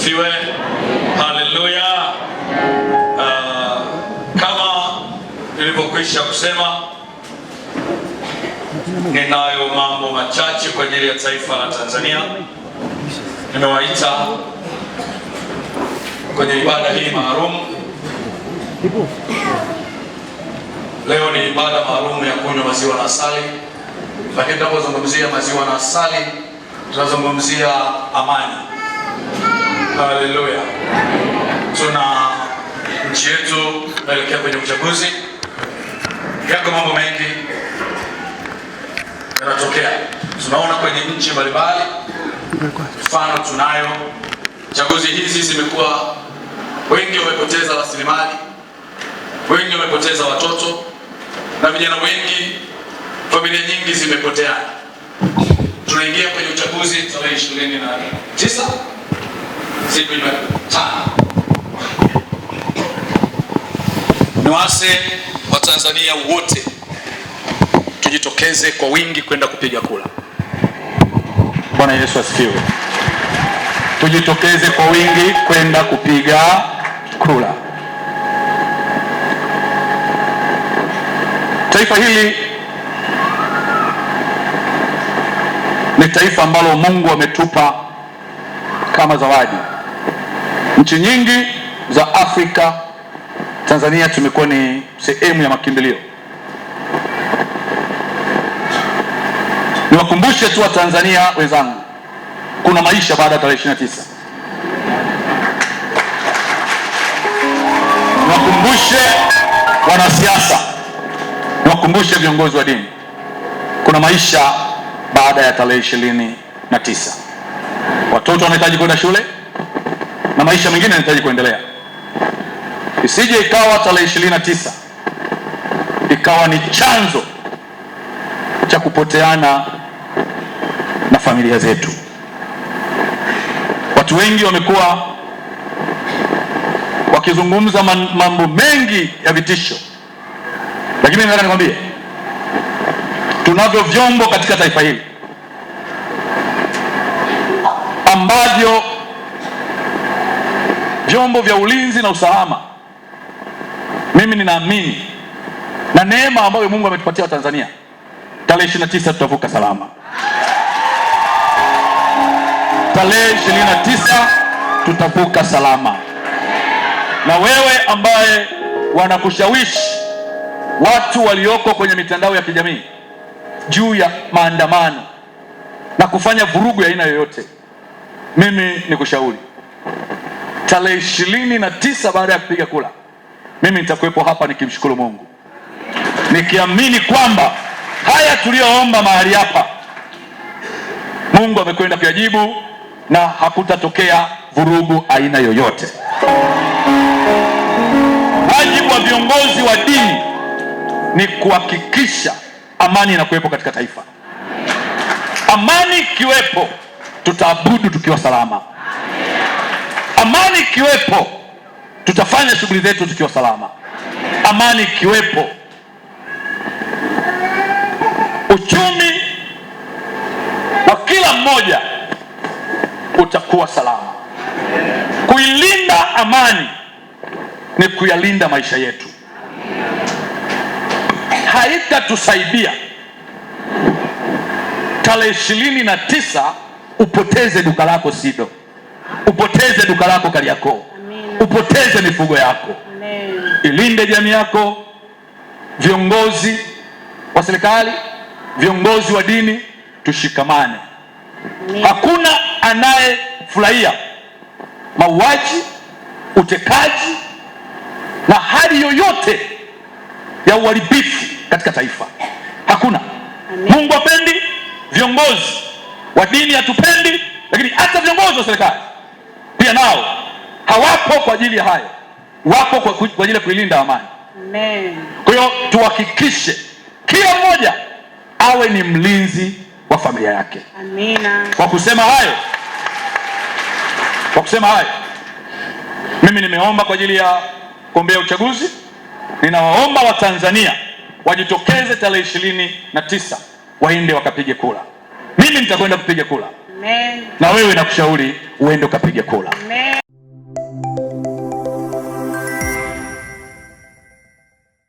asifiwe. Haleluya. Uh, kama nilivyokwisha kusema, ninayo mambo machache kwa ajili ya taifa la Tanzania. Nimewaita kwenye ibada hii maalum. Leo ni ibada maalum ya kunywa maziwa na asali, lakini tunapozungumzia maziwa na asali tunazungumzia amani. Haleluya. Tuna nchi yetu naelekea kwenye uchaguzi, yako mambo mengi yanatokea, tunaona kwenye nchi mbalimbali. Mfano, tunayo chaguzi hizi zimekuwa, wengi wamepoteza rasilimali, wengi wamepoteza watoto na vijana wengi, familia nyingi zimepotea. Tunaingia kwenye uchaguzi tarehe ishirini na tisa zipima tano. Niwaase Watanzania wote tujitokeze kwa wingi kwenda kupiga kura. Bwana Yesu asifiwe. Tujitokeze kwa wingi kwenda kupiga kura. Taifa hili ni taifa ambalo Mungu ametupa kama zawadi. Nchi nyingi za Afrika, Tanzania tumekuwa ni sehemu ya makimbilio. Niwakumbushe tu Watanzania wenzangu, kuna maisha baada ya tarehe 29. Niwakumbushe wanasiasa, niwakumbushe viongozi wa dini, kuna maisha baada ya tarehe 29. Watoto wanahitaji kwenda shule maisha mengine yanahitaji kuendelea. Isije ikawa tarehe ishirini na tisa ikawa ni chanzo cha kupoteana na familia zetu. Watu wengi wamekuwa wakizungumza mambo mengi ya vitisho, lakini nataka nikwambie tunavyo vyombo katika taifa hili ambavyo vyombo vya ulinzi na usalama, mimi ninaamini na neema ambayo Mungu ametupatia Watanzania, tarehe 29 tutavuka salama. Tarehe 29 tutavuka salama. Na wewe ambaye wanakushawishi watu walioko kwenye mitandao ya kijamii juu ya maandamano na kufanya vurugu ya aina yoyote, mimi nikushauri tarehe ishirini na tisa baada ya kupiga kura, mimi nitakuwepo hapa nikimshukuru Mungu nikiamini kwamba haya tuliyoomba mahali hapa Mungu amekwenda kuyajibu na hakutatokea vurugu aina yoyote. Wajibu wa viongozi wa dini ni kuhakikisha amani inakuwepo katika taifa. Amani ikiwepo, tutaabudu tukiwa salama. Amani ikiwepo, tutafanya shughuli zetu tukiwa salama. Amani ikiwepo, uchumi wa kila mmoja utakuwa salama. Kuilinda amani ni kuyalinda maisha yetu. Haitatusaidia tarehe ishirini na tisa upoteze duka lako SIDO. Upoteze duka lako Kariakoo, upoteze mifugo yako Amen. Ilinde jamii yako, viongozi wa serikali, viongozi wa dini, tushikamane Amen. Hakuna anayefurahia mauaji, utekaji na hali yoyote ya uharibifu katika taifa, hakuna Amen. Mungu apendi, viongozi wa dini hatupendi, lakini hata viongozi wa serikali pia nao hawapo kwa ajili ya hayo, wapo kwa, ajili ya kuilinda amani. Kwa hiyo tuhakikishe kila mmoja awe ni mlinzi wa familia yake. Amina. Kwa kusema hayo, kwa kusema hayo, mimi nimeomba kwa ajili ya kuombea uchaguzi. Ninawaomba Watanzania wajitokeze tarehe ishirini na tisa waende wakapige kura. Mimi nitakwenda kupiga kura na wewe nakushauri uende ukapiga kura.